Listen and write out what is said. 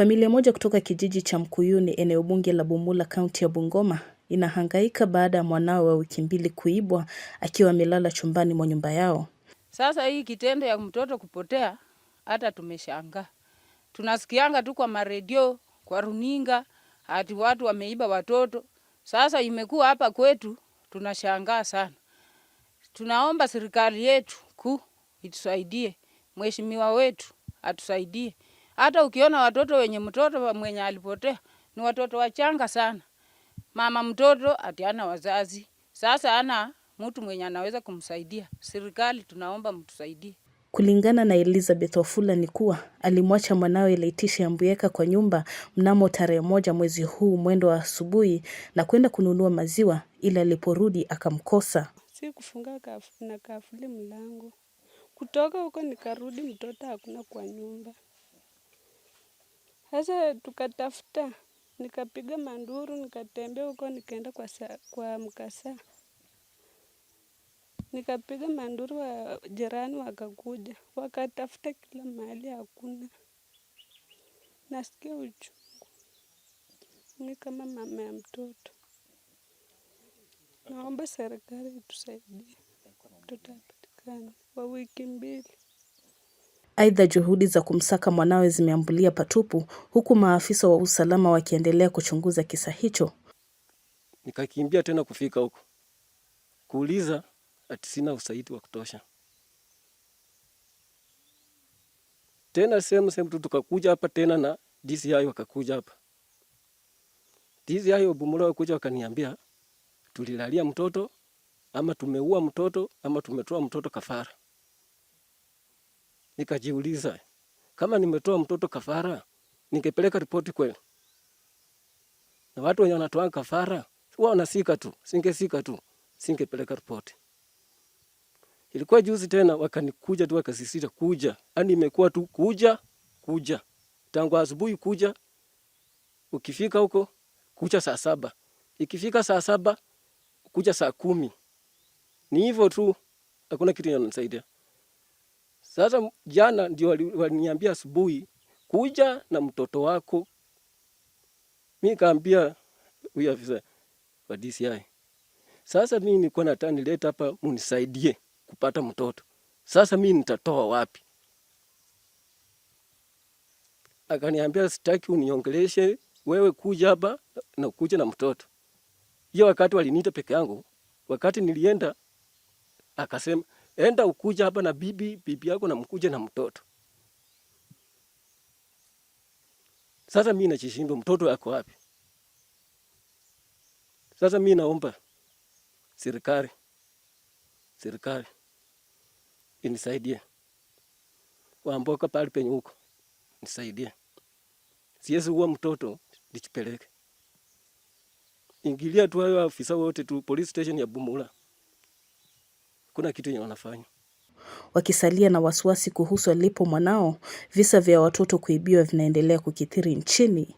Familia moja kutoka kijiji cha Mkuyuni, eneo bunge la Bumula, kaunti ya Bungoma, inahangaika baada ya mwanao wa wiki mbili kuibwa akiwa amelala chumbani mwa nyumba yao. Sasa hii kitendo ya mtoto kupotea, hata tumeshangaa. Tunasikianga tu kwa maredio, kwa runinga, hati watu wameiba watoto. Sasa imekuwa hapa kwetu, tunashangaa sana. Tunaomba serikali yetu kuu itusaidie, mheshimiwa wetu atusaidie. Hata ukiona watoto wenye mtoto mwenye alipotea ni watoto wachanga sana. Mama mtoto ati ana wazazi sasa, ana mtu mwenye anaweza kumsaidia. Serikali tunaomba mtusaidie. Kulingana na Elizabeth Wafula ni kuwa alimwacha mwanawe Letitia Ambuyeka kwa nyumba mnamo tarehe moja mwezi huu mwendo wa asubuhi na kwenda kununua maziwa, ila aliporudi akamkosa. Si kufunga kafu, na kafuli mlango kutoka huko, nikarudi mtoto hakuna kwa nyumba. Sasa tukatafuta, nikapiga manduru, nikatembea huko, nikaenda kwa, kwa mkasa, nikapiga manduru wa jirani, wakakuja wakatafuta kila mahali, hakuna. Nasikia uchungu mi kama mama ya mtoto, naomba serikali itusaidie, mtoto apatikane wa wiki mbili. Aidha, juhudi za kumsaka mwanawe zimeambulia patupu huku maafisa wa usalama wakiendelea kuchunguza kisa hicho. Nikakimbia tena kufika huko kuuliza, ati sina usaidi wa kutosha tena sehemu sehemu tu, tukakuja hapa tena na DCI wakakuja hapa DCI wa Bumula wakuja wakaniambia tulilalia mtoto ama tumeua mtoto ama tumetoa mtoto kafara. Nikajiuliza, kama nimetoa mtoto kafara, ningepeleka ripoti kweli? Na watu wenye wanatoa kafara huwa wanasika tu, singesika tu, singepeleka ripoti. Ilikuwa juzi tena wakanikuja tu wakasisita kuja, yani imekuwa tu kuja kuja, tangu asubuhi kuja, ukifika huko kuja saa saba, ikifika saa saba kuja saa kumi. Ni hivyo tu, hakuna kitu inanisaidia. Sasa jana ndio waliniambia asubuhi, kuja na mtoto wako. Mimi kaambia huyu afisa wa DCI, sasa mimi niko na tani leta hapa, munisaidie kupata mtoto. Sasa mimi nitatoa wapi? Akaniambia sitaki uniongeleshe wewe, kuja hapa na kuja na mtoto. Hiyo wakati waliniita peke yangu, wakati nilienda akasema enda ukuja hapa na bibi bibi yako na mkuja na mtoto. Sasa mimi nachishindwa mtoto yako wapi? Sasa mimi naomba serikali, serikali inisaidie, wamboka pale penye huko nisaidie, siwezi uwa mtoto nichipeleke. Ingilia tu hayo afisa wote tu, police station ya Bumula hakuna kitu yenye wanafanya. Wakisalia na wasiwasi kuhusu alipo mwanao, visa vya watoto kuibiwa vinaendelea kukithiri nchini.